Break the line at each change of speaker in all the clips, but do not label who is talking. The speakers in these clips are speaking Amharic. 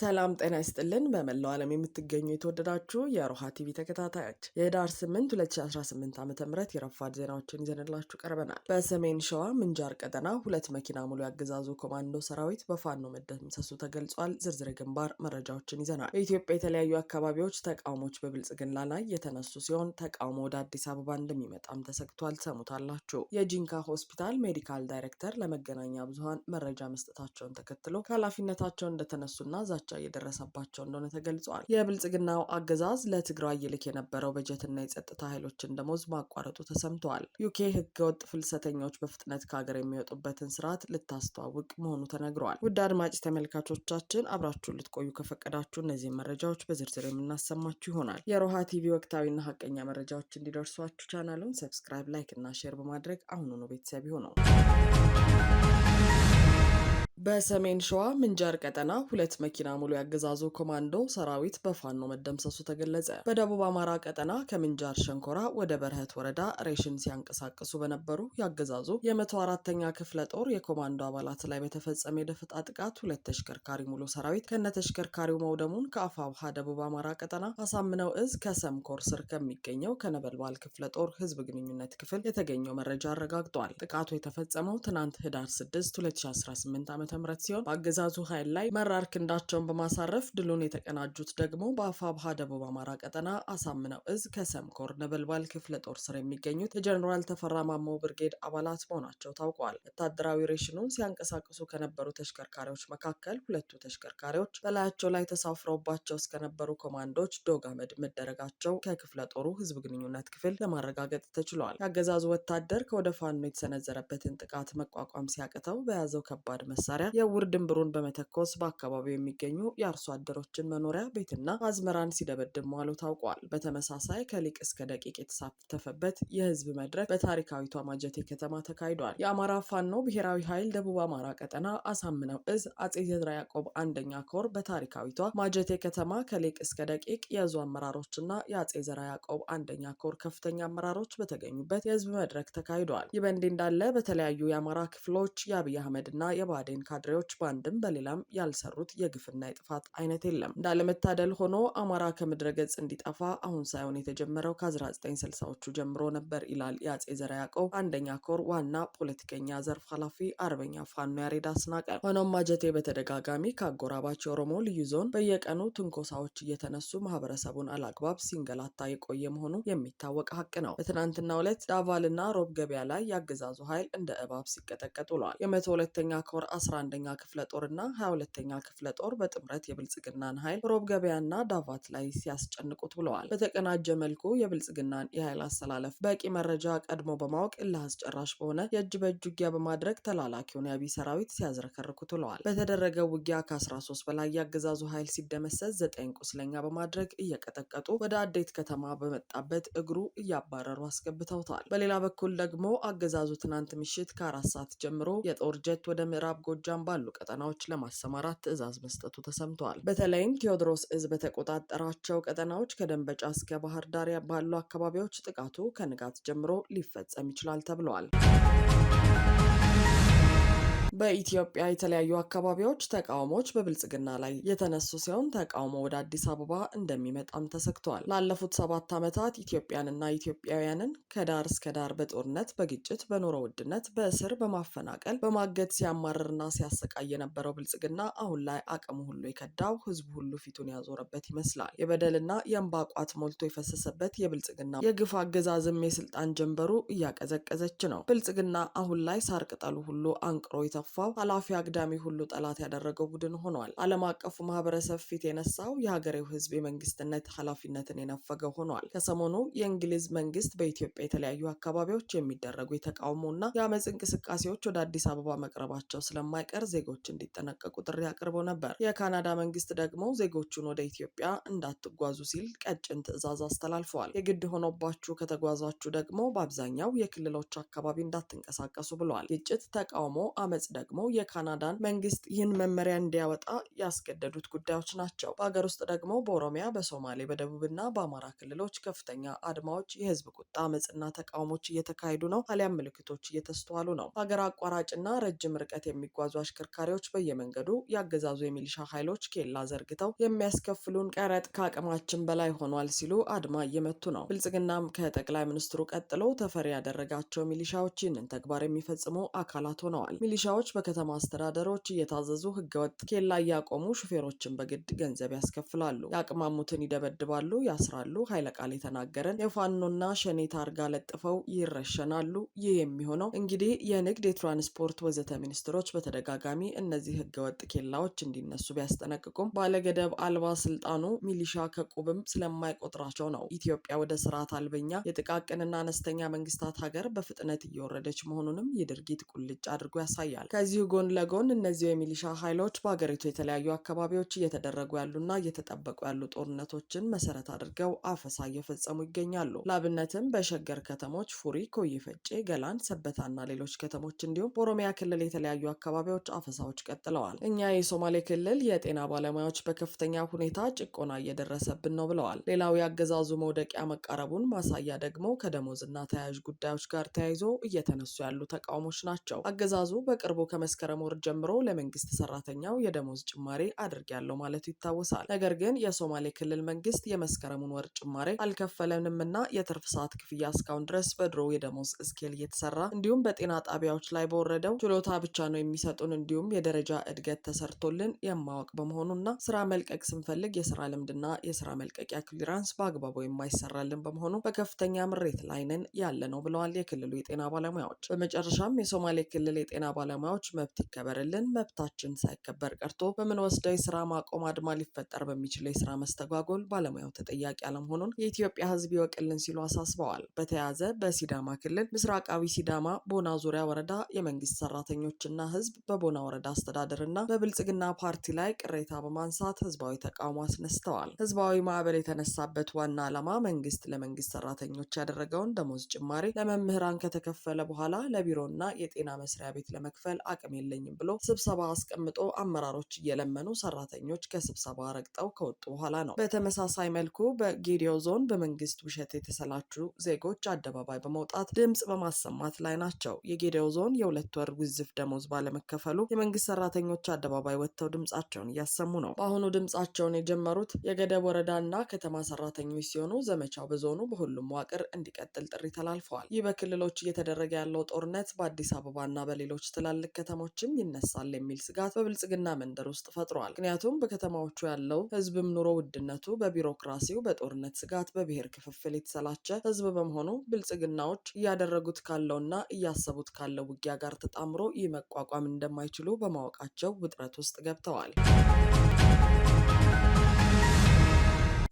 ሰላም ጤና ይስጥልን። በመላው ዓለም የምትገኙ የተወደዳችሁ የሮሃ ቲቪ ተከታታዮች የህዳር 8 2018 ዓ ም የረፋድ ዜናዎችን ይዘንላችሁ ቀርበናል። በሰሜን ሸዋ ምንጃር ቀጠና ሁለት መኪና ሙሉ ያገዛዙ ኮማንዶ ሰራዊት በፋኖ መደምሰሱ ተገልጿል። ዝርዝር ግንባር መረጃዎችን ይዘናል። በኢትዮጵያ የተለያዩ አካባቢዎች ተቃውሞች በብልጽግና ላይ የተነሱ ሲሆን ተቃውሞ ወደ አዲስ አበባ እንደሚመጣም ተሰግቷል። ሰሙታላችሁ። የጂንካ ሆስፒታል ሜዲካል ዳይሬክተር ለመገናኛ ብዙሀን መረጃ መስጠታቸውን ተከትሎ ከኃላፊነታቸው እንደተነሱና ዛቻ እየደረሰባቸው እንደሆነ ተገልጿል። የብልጽግናው አገዛዝ ለትግራይ ይልክ የነበረው በጀትና የጸጥታ ኃይሎችን ደሞዝ ማቋረጡ ተሰምተዋል። ዩኬ ህገወጥ ፍልሰተኞች በፍጥነት ከሀገር የሚወጡበትን ስርዓት ልታስተዋውቅ መሆኑ ተነግሯል። ውድ አድማጭ ተመልካቾቻችን አብራችሁን ልትቆዩ ከፈቀዳችሁ እነዚህን መረጃዎች በዝርዝር የምናሰማችሁ ይሆናል። የሮሃ ቲቪ ወቅታዊና ሀቀኛ መረጃዎች እንዲደርሷችሁ ቻናሉን ሰብስክራይብ፣ ላይክ እና ሼር በማድረግ አሁኑኑ ቤተሰብ ይሁኑ። በሰሜን ሸዋ ምንጃር ቀጠና ሁለት መኪና ሙሉ ያገዛዙ ኮማንዶ ሰራዊት በፋኖ መደምሰሱ ተገለጸ። በደቡብ አማራ ቀጠና ከምንጃር ሸንኮራ ወደ በረህት ወረዳ ሬሽን ሲያንቀሳቅሱ በነበሩ ያገዛዙ የመቶ አራተኛ ክፍለ ጦር የኮማንዶ አባላት ላይ በተፈጸመ የደፈጣ ጥቃት ሁለት ተሽከርካሪ ሙሉ ሰራዊት ከነ ተሽከርካሪው መውደሙን ከአፋብሃ ደቡብ አማራ ቀጠና አሳምነው እዝ ከሰምኮር ስር ከሚገኘው ከነበልባል ክፍለ ጦር ህዝብ ግንኙነት ክፍል የተገኘው መረጃ አረጋግጧል። ጥቃቱ የተፈጸመው ትናንት ህዳር 6 2018 ዓ ሲሆን በአገዛዙ ኃይል ላይ መራር ክንዳቸውን በማሳረፍ ድሉን የተቀናጁት ደግሞ በአፋብሃ ደቡብ አማራ ቀጠና አሳምነው እዝ ከሰምኮር ነበልባል ክፍለ ጦር ስር የሚገኙት የጀኔራል ተፈራ ማሞ ብርጌድ አባላት መሆናቸው ታውቋል። ወታደራዊ ሬሽኑን ሲያንቀሳቅሱ ከነበሩ ተሽከርካሪዎች መካከል ሁለቱ ተሽከርካሪዎች በላያቸው ላይ ተሳፍረውባቸው እስከነበሩ ኮማንዶች ዶግ አመድ መደረጋቸው ከክፍለ ጦሩ ህዝብ ግንኙነት ክፍል ለማረጋገጥ ተችሏል። የአገዛዙ ወታደር ከወደ ፋኖ የተሰነዘረበትን ጥቃት መቋቋም ሲያቅተው በያዘው ከባድ መሳሪያ የዕውር ድንብሩን በመተኮስ በአካባቢው የሚገኙ የአርሶ አደሮችን መኖሪያ ቤትና አዝመራን ሲደበድብ መዋሉ ታውቋል። በተመሳሳይ ከሊቅ እስከ ደቂቅ የተሳተፈበት የህዝብ መድረክ በታሪካዊቷ ማጀቴ ከተማ ተካሂዷል። የአማራ ፋኖ ብሔራዊ ኃይል ደቡብ አማራ ቀጠና አሳምነው እዝ አጼ ዘርዓ ያዕቆብ አንደኛ ኮር በታሪካዊቷ ማጀቴ ከተማ ከሊቅ እስከ ደቂቅ የእዙ አመራሮችና የአጼ ዘርዓ ያዕቆብ አንደኛ ኮር ከፍተኛ አመራሮች በተገኙበት የህዝብ መድረክ ተካሂዷል። ይህ በእንዲህ እንዳለ በተለያዩ የአማራ ክፍሎች የአብይ አህመድና የባዴን ካድሬዎች በአንድም በሌላም ያልሰሩት የግፍና የጥፋት አይነት የለም። እንዳለመታደል ሆኖ አማራ ከምድረ ገጽ እንዲጠፋ አሁን ሳይሆን የተጀመረው ከ1960ዎቹ ጀምሮ ነበር ይላል የአጼ ዘርዓ ያዕቆብ አንደኛ ኮር ዋና ፖለቲከኛ ዘርፍ ኃላፊ አርበኛ ፋኖ ያሬድ አስናቀ። ሆኖም ማጀቴ በተደጋጋሚ ከአጎራባች የኦሮሞ ልዩ ዞን በየቀኑ ትንኮሳዎች እየተነሱ ማህበረሰቡን አላግባብ ሲንገላታ የቆየ መሆኑ የሚታወቅ ሀቅ ነው። በትናንትናው ዕለት ዳቫልና ሮብ ገበያ ላይ ያገዛዙ ኃይል እንደ እባብ ሲቀጠቀጥ ውሏል። የመቶ ሁለተኛ ኮር አስራ 11ኛ ክፍለ ጦር እና 22ኛ ክፍለ ጦር በጥምረት የብልጽግናን ኃይል ሮብ ገበያና ዳቫት ላይ ሲያስጨንቁት ብለዋል። በተቀናጀ መልኩ የብልጽግናን የኃይል አሰላለፍ በቂ መረጃ ቀድሞ በማወቅ እልህ አስጨራሽ በሆነ የእጅ በእጅ ውጊያ በማድረግ ተላላኪውን የአብይ ሰራዊት ሲያዝረከርኩት ብለዋል። በተደረገው ውጊያ ከ13 በላይ የአገዛዙ ኃይል ሲደመሰስ ዘጠኝ ቁስለኛ በማድረግ እየቀጠቀጡ ወደ አዴት ከተማ በመጣበት እግሩ እያባረሩ አስገብተውታል። በሌላ በኩል ደግሞ አገዛዙ ትናንት ምሽት ከአራት ሰዓት ጀምሮ የጦር ጀት ወደ ምዕራብ ጎጃ ጎጃም ባሉ ቀጠናዎች ለማሰማራት ትዕዛዝ መስጠቱ ተሰምተዋል። በተለይም ቴዎድሮስ እዝ በተቆጣጠራቸው ቀጠናዎች ከደንበጫ እስከ ባህር ዳር ባሉ አካባቢዎች ጥቃቱ ከንጋት ጀምሮ ሊፈጸም ይችላል ተብለዋል። በኢትዮጵያ የተለያዩ አካባቢዎች ተቃውሞዎች በብልጽግና ላይ የተነሱ ሲሆን ተቃውሞ ወደ አዲስ አበባ እንደሚመጣም ተሰግቷል። ላለፉት ሰባት ዓመታት ኢትዮጵያንና ኢትዮጵያውያንን ከዳር እስከ ዳር በጦርነት፣ በግጭት፣ በኑሮ ውድነት፣ በእስር፣ በማፈናቀል፣ በማገድ ሲያማርርና ሲያሰቃይ የነበረው ብልጽግና አሁን ላይ አቅሙ ሁሉ የከዳው ህዝቡ ሁሉ ፊቱን ያዞረበት ይመስላል። የበደልና የእንባ ቋት ሞልቶ የፈሰሰበት የብልጽግና የግፍ አገዛዝም የስልጣን ጀንበሩ እያቀዘቀዘች ነው። ብልጽግና አሁን ላይ ሳር ቅጠሉ ሁሉ አንቅሮ ያንሰራፋው ኃላፊ አግዳሚ ሁሉ ጠላት ያደረገው ቡድን ሆኗል። ዓለም አቀፉ ማህበረሰብ ፊት የነሳው የሀገሬው ህዝብ የመንግስትነት ኃላፊነትን የነፈገ ሆኗል። ከሰሞኑ የእንግሊዝ መንግስት በኢትዮጵያ የተለያዩ አካባቢዎች የሚደረጉ የተቃውሞና የአመፅ እንቅስቃሴዎች ወደ አዲስ አበባ መቅረባቸው ስለማይቀር ዜጎች እንዲጠነቀቁ ጥሪ አቅርቦ ነበር። የካናዳ መንግስት ደግሞ ዜጎቹን ወደ ኢትዮጵያ እንዳትጓዙ ሲል ቀጭን ትዕዛዝ አስተላልፈዋል። የግድ ሆኖባችሁ ከተጓዛችሁ ደግሞ በአብዛኛው የክልሎች አካባቢ እንዳትንቀሳቀሱ ብለዋል። ግጭት፣ ተቃውሞ፣ አመፅ ደግሞ የካናዳን መንግስት ይህን መመሪያ እንዲያወጣ ያስገደዱት ጉዳዮች ናቸው። በሀገር ውስጥ ደግሞ በኦሮሚያ፣ በሶማሌ፣ በደቡብና በአማራ ክልሎች ከፍተኛ አድማዎች፣ የህዝብ ቁጣ፣ አመፅና ተቃውሞች እየተካሄዱ ነው፣ አሊያም ምልክቶች እየተስተዋሉ ነው። ሀገር አቋራጭና ረጅም ርቀት የሚጓዙ አሽከርካሪዎች በየመንገዱ ያገዛዙ የሚሊሻ ኃይሎች ኬላ ዘርግተው የሚያስከፍሉን ቀረጥ ከአቅማችን በላይ ሆኗል ሲሉ አድማ እየመቱ ነው። ብልጽግናም ከጠቅላይ ሚኒስትሩ ቀጥሎ ተፈሪ ያደረጋቸው ሚሊሻዎች ይህንን ተግባር የሚፈጽሙ አካላት ሆነዋል። ሚሊሻዎች ባለሙያዎች በከተማ አስተዳደሮች እየታዘዙ ህገወጥ ኬላ እያቆሙ ሹፌሮችን በግድ ገንዘብ ያስከፍላሉ፣ ያቅማሙትን ይደበድባሉ፣ ያስራሉ። ኃይለ ቃል የተናገረን የፋኖና ሸኔ ታርጋ ለጥፈው ይረሸናሉ። ይህ የሚሆነው እንግዲህ የንግድ የትራንስፖርት ወዘተ ሚኒስትሮች በተደጋጋሚ እነዚህ ህገወጥ ኬላዎች እንዲነሱ ቢያስጠነቅቁም ባለገደብ አልባ ስልጣኑ ሚሊሻ ከቁብም ስለማይቆጥራቸው ነው። ኢትዮጵያ ወደ ስርዓት አልበኛ የጥቃቅንና አነስተኛ መንግስታት ሀገር በፍጥነት እየወረደች መሆኑንም የድርጊት ቁልጭ አድርጎ ያሳያል። ከዚሁ ጎን ለጎን እነዚሁ የሚሊሻ ኃይሎች በሀገሪቱ የተለያዩ አካባቢዎች እየተደረጉ ያሉና እየተጠበቁ ያሉ ጦርነቶችን መሰረት አድርገው አፈሳ እየፈጸሙ ይገኛሉ። ለአብነትም በሸገር ከተሞች ፉሪ፣ ኮዬ ፈጬ፣ ገላን፣ ሰበታና ሌሎች ከተሞች እንዲሁም በኦሮሚያ ክልል የተለያዩ አካባቢዎች አፈሳዎች ቀጥለዋል። እኛ የሶማሌ ክልል የጤና ባለሙያዎች በከፍተኛ ሁኔታ ጭቆና እየደረሰብን ነው ብለዋል። ሌላው የአገዛዙ መውደቂያ መቃረቡን ማሳያ ደግሞ ከደሞዝና ተያያዥ ጉዳዮች ጋር ተያይዞ እየተነሱ ያሉ ተቃውሞች ናቸው። አገዛዙ በቅርቡ ከመስከረም ወር ጀምሮ ለመንግስት ሰራተኛው የደሞዝ ጭማሪ አድርጊያለሁ ማለቱ ይታወሳል። ነገር ግን የሶማሌ ክልል መንግስት የመስከረሙን ወር ጭማሪ አልከፈለንም እና የትርፍ ሰዓት ክፍያ እስካሁን ድረስ በድሮ የደሞዝ እስኬል እየተሰራ እንዲሁም በጤና ጣቢያዎች ላይ በወረደው ችሎታ ብቻ ነው የሚሰጡን እንዲሁም የደረጃ እድገት ተሰርቶልን የማወቅ በመሆኑና ስራ መልቀቅ ስንፈልግ የስራ ልምድና የስራ መልቀቂያ ክሊራንስ በአግባቡ የማይሰራልን በመሆኑ በከፍተኛ ምሬት ላይ ነን ያለ ነው ብለዋል የክልሉ የጤና ባለሙያዎች። በመጨረሻም የሶማሌ ክልል የጤና ባለሙያዎች ባለሙያዎች መብት ይከበርልን። መብታችን ሳይከበር ቀርቶ በምንወስደው የስራ ማቆም አድማ ሊፈጠር በሚችለው የስራ መስተጓጎል ባለሙያው ተጠያቂ አለመሆኑን የኢትዮጵያ ሕዝብ ይወቅልን ሲሉ አሳስበዋል። በተያያዘ በሲዳማ ክልል ምስራቃዊ ሲዳማ ቦና ዙሪያ ወረዳ የመንግስት ሰራተኞችና ሕዝብ በቦና ወረዳ አስተዳደር በብልጽግና ፓርቲ ላይ ቅሬታ በማንሳት ህዝባዊ ተቃውሞ አስነስተዋል። ህዝባዊ ማዕበል የተነሳበት ዋና ዓላማ መንግስት ለመንግስት ሰራተኞች ያደረገውን ደሞዝ ጭማሪ ለመምህራን ከተከፈለ በኋላ ለቢሮና የጤና መስሪያ ቤት ለመክፈል ለመክፈል አቅም የለኝም ብሎ ስብሰባ አስቀምጦ አመራሮች እየለመኑ ሰራተኞች ከስብሰባ ረግጠው ከወጡ በኋላ ነው። በተመሳሳይ መልኩ በጌዲዮ ዞን በመንግስት ውሸት የተሰላቹ ዜጎች አደባባይ በመውጣት ድምፅ በማሰማት ላይ ናቸው። የጌዲዮ ዞን የሁለት ወር ውዝፍ ደሞዝ ባለመከፈሉ የመንግስት ሰራተኞች አደባባይ ወጥተው ድምፃቸውን እያሰሙ ነው። በአሁኑ ድምፃቸውን የጀመሩት የገደብ ወረዳና ከተማ ሰራተኞች ሲሆኑ ዘመቻው በዞኑ በሁሉም መዋቅር እንዲቀጥል ጥሪ ተላልፈዋል። ይህ በክልሎች እየተደረገ ያለው ጦርነት በአዲስ አበባና በሌሎች ትላልቅ ትልልቅ ከተሞችም ይነሳል የሚል ስጋት በብልጽግና መንደር ውስጥ ፈጥሯል። ምክንያቱም በከተማዎቹ ያለው ህዝብም ኑሮ ውድነቱ በቢሮክራሲው፣ በጦርነት ስጋት፣ በብሔር ክፍፍል የተሰላቸ ህዝብ በመሆኑ ብልጽግናዎች እያደረጉት ካለውና እያሰቡት ካለው ውጊያ ጋር ተጣምሮ ይህ መቋቋም እንደማይችሉ በማወቃቸው ውጥረት ውስጥ ገብተዋል።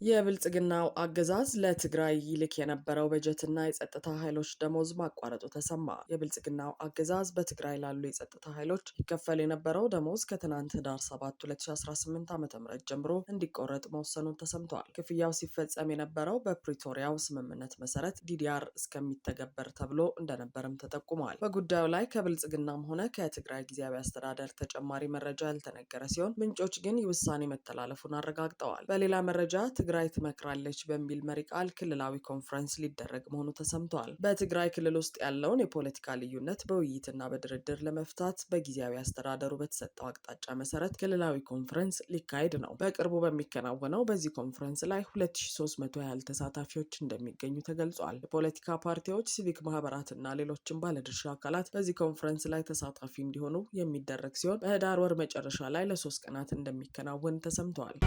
የብልጽግናው አገዛዝ ለትግራይ ይልክ የነበረው በጀትና የጸጥታ ኃይሎች ደሞዝ ማቋረጡ ተሰማ። የብልጽግናው አገዛዝ በትግራይ ላሉ የጸጥታ ኃይሎች ይከፈል የነበረው ደሞዝ ከትናንት ህዳር 7 2018 ዓ ም ጀምሮ እንዲቆረጥ መወሰኑን ተሰምተዋል። ክፍያው ሲፈጸም የነበረው በፕሪቶሪያው ስምምነት መሰረት ዲዲአር እስከሚተገበር ተብሎ እንደነበርም ተጠቁመዋል። በጉዳዩ ላይ ከብልጽግናም ሆነ ከትግራይ ጊዜያዊ አስተዳደር ተጨማሪ መረጃ ያልተነገረ ሲሆን ምንጮች ግን ውሳኔ መተላለፉን አረጋግጠዋል። በሌላ መረጃ ትግራይ ትመክራለች በሚል መሪ ቃል ክልላዊ ኮንፈረንስ ሊደረግ መሆኑ ተሰምቷል። በትግራይ ክልል ውስጥ ያለውን የፖለቲካ ልዩነት በውይይትና በድርድር ለመፍታት በጊዜያዊ አስተዳደሩ በተሰጠው አቅጣጫ መሰረት ክልላዊ ኮንፈረንስ ሊካሄድ ነው። በቅርቡ በሚከናወነው በዚህ ኮንፈረንስ ላይ 2300 ያህል ተሳታፊዎች እንደሚገኙ ተገልጿል። የፖለቲካ ፓርቲዎች፣ ሲቪክ ማህበራትና ሌሎችም ባለድርሻ አካላት በዚህ ኮንፈረንስ ላይ ተሳታፊ እንዲሆኑ የሚደረግ ሲሆን በህዳር ወር መጨረሻ ላይ ለሶስት ቀናት እንደሚከናወን ተሰምተዋል።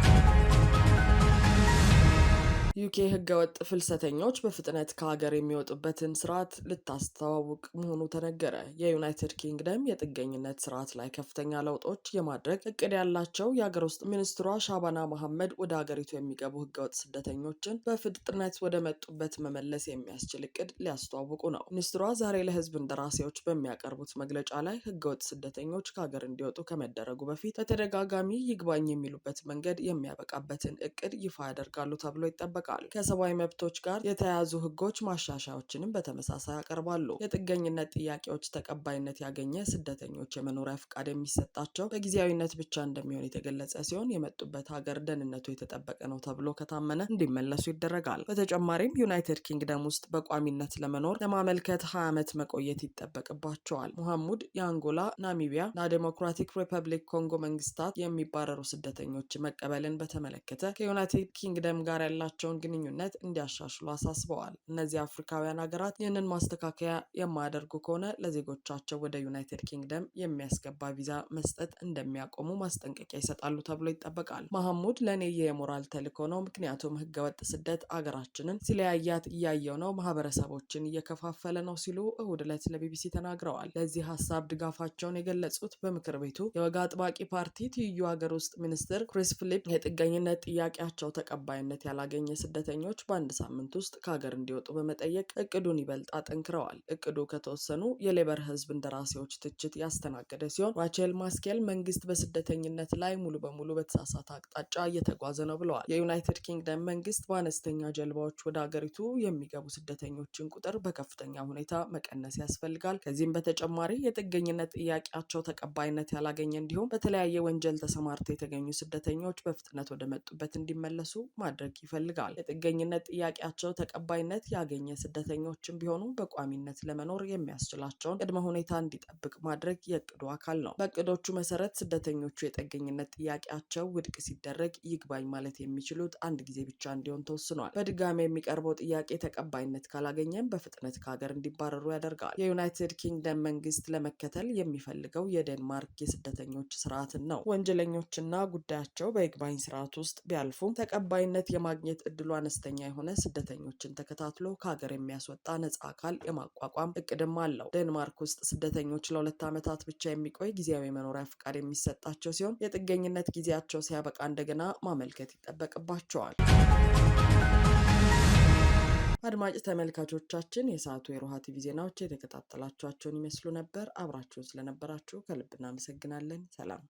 ዩኬ ህገወጥ ፍልሰተኞች በፍጥነት ከሀገር የሚወጡበትን ስርዓት ልታስተዋውቅ መሆኑ ተነገረ። የዩናይትድ ኪንግደም የጥገኝነት ስርዓት ላይ ከፍተኛ ለውጦች የማድረግ እቅድ ያላቸው የሀገር ውስጥ ሚኒስትሯ ሻባና መሐመድ ወደ ሀገሪቱ የሚገቡ ህገወጥ ስደተኞችን በፍጥነት ወደ መጡበት መመለስ የሚያስችል እቅድ ሊያስተዋውቁ ነው። ሚኒስትሯ ዛሬ ለህዝብ እንደራሴዎች በሚያቀርቡት መግለጫ ላይ ህገወጥ ስደተኞች ከሀገር እንዲወጡ ከመደረጉ በፊት በተደጋጋሚ ይግባኝ የሚሉበት መንገድ የሚያበቃበትን እቅድ ይፋ ያደርጋሉ ተብሎ ይጠበቃል። ይጠበቃሉ። ከሰብአዊ መብቶች ጋር የተያያዙ ህጎች ማሻሻያዎችንም በተመሳሳይ ያቀርባሉ። የጥገኝነት ጥያቄዎች ተቀባይነት ያገኘ ስደተኞች የመኖሪያ ፍቃድ የሚሰጣቸው በጊዜያዊነት ብቻ እንደሚሆን የተገለጸ ሲሆን የመጡበት ሀገር ደህንነቱ የተጠበቀ ነው ተብሎ ከታመነ እንዲመለሱ ይደረጋል። በተጨማሪም ዩናይትድ ኪንግደም ውስጥ በቋሚነት ለመኖር ለማመልከት ሀያ ዓመት መቆየት ይጠበቅባቸዋል። ሙሐሙድ የአንጎላ ናሚቢያ እና ዴሞክራቲክ ሪፐብሊክ ኮንጎ መንግስታት የሚባረሩ ስደተኞች መቀበልን በተመለከተ ከዩናይትድ ኪንግደም ጋር ያላቸውን ያላቸውን ግንኙነት እንዲያሻሽሉ አሳስበዋል። እነዚህ አፍሪካውያን ሀገራት ይህንን ማስተካከያ የማያደርጉ ከሆነ ለዜጎቻቸው ወደ ዩናይትድ ኪንግደም የሚያስገባ ቪዛ መስጠት እንደሚያቆሙ ማስጠንቀቂያ ይሰጣሉ ተብሎ ይጠበቃል። መሐሙድ ለእኔ የሞራል ተልእኮ ነው፣ ምክንያቱም ህገወጥ ስደት አገራችንን ሲለያያት እያየው ነው፣ ማህበረሰቦችን እየከፋፈለ ነው ሲሉ እሁድ ዕለት ለቢቢሲ ተናግረዋል። ለዚህ ሀሳብ ድጋፋቸውን የገለጹት በምክር ቤቱ የወግ አጥባቂ ፓርቲ ትይዩ ሀገር ውስጥ ሚኒስትር ክሪስ ፊሊፕ የጥገኝነት ጥያቄያቸው ተቀባይነት ያላገኘ ስደተኞች በአንድ ሳምንት ውስጥ ከሀገር እንዲወጡ በመጠየቅ እቅዱን ይበልጥ አጠንክረዋል። እቅዱ ከተወሰኑ የሌበር ህዝብ እንደራሴዎች ትችት ያስተናገደ ሲሆን ራቸል ማስኬል መንግስት በስደተኝነት ላይ ሙሉ በሙሉ በተሳሳተ አቅጣጫ እየተጓዘ ነው ብለዋል። የዩናይትድ ኪንግደም መንግስት በአነስተኛ ጀልባዎች ወደ ሀገሪቱ የሚገቡ ስደተኞችን ቁጥር በከፍተኛ ሁኔታ መቀነስ ያስፈልጋል። ከዚህም በተጨማሪ የጥገኝነት ጥያቄያቸው ተቀባይነት ያላገኘ እንዲሁም በተለያየ ወንጀል ተሰማርተው የተገኙ ስደተኞች በፍጥነት ወደ መጡበት እንዲመለሱ ማድረግ ይፈልጋል። ይላል። የጥገኝነት ጥያቄያቸው ተቀባይነት ያገኘ ስደተኞችም ቢሆኑ በቋሚነት ለመኖር የሚያስችላቸውን ቅድመ ሁኔታ እንዲጠብቅ ማድረግ የእቅዱ አካል ነው። በእቅዶቹ መሰረት ስደተኞቹ የጥገኝነት ጥያቄያቸው ውድቅ ሲደረግ ይግባኝ ማለት የሚችሉት አንድ ጊዜ ብቻ እንዲሆን ተወስኗል። በድጋሚ የሚቀርበው ጥያቄ ተቀባይነት ካላገኘም በፍጥነት ከሀገር እንዲባረሩ ያደርጋል። የዩናይትድ ኪንግደም መንግስት ለመከተል የሚፈልገው የዴንማርክ የስደተኞች ስርዓትን ነው። ወንጀለኞችና ጉዳያቸው በይግባኝ ስርዓት ውስጥ ቢያልፉም ተቀባይነት የማግኘት እድሉ አነስተኛ የሆነ ስደተኞችን ተከታትሎ ከሀገር የሚያስወጣ ነጻ አካል የማቋቋም እቅድም አለው። ደንማርክ ውስጥ ስደተኞች ለሁለት ዓመታት ብቻ የሚቆይ ጊዜያዊ መኖሪያ ፍቃድ የሚሰጣቸው ሲሆን የጥገኝነት ጊዜያቸው ሲያበቃ እንደገና ማመልከት ይጠበቅባቸዋል። አድማጭ ተመልካቾቻችን የሰዓቱ የሮሃ ቲቪ ዜናዎች የተከታተላችኋቸውን ይመስሉ ነበር። አብራችሁን ስለነበራችሁ ከልብ እናመሰግናለን። ሰላም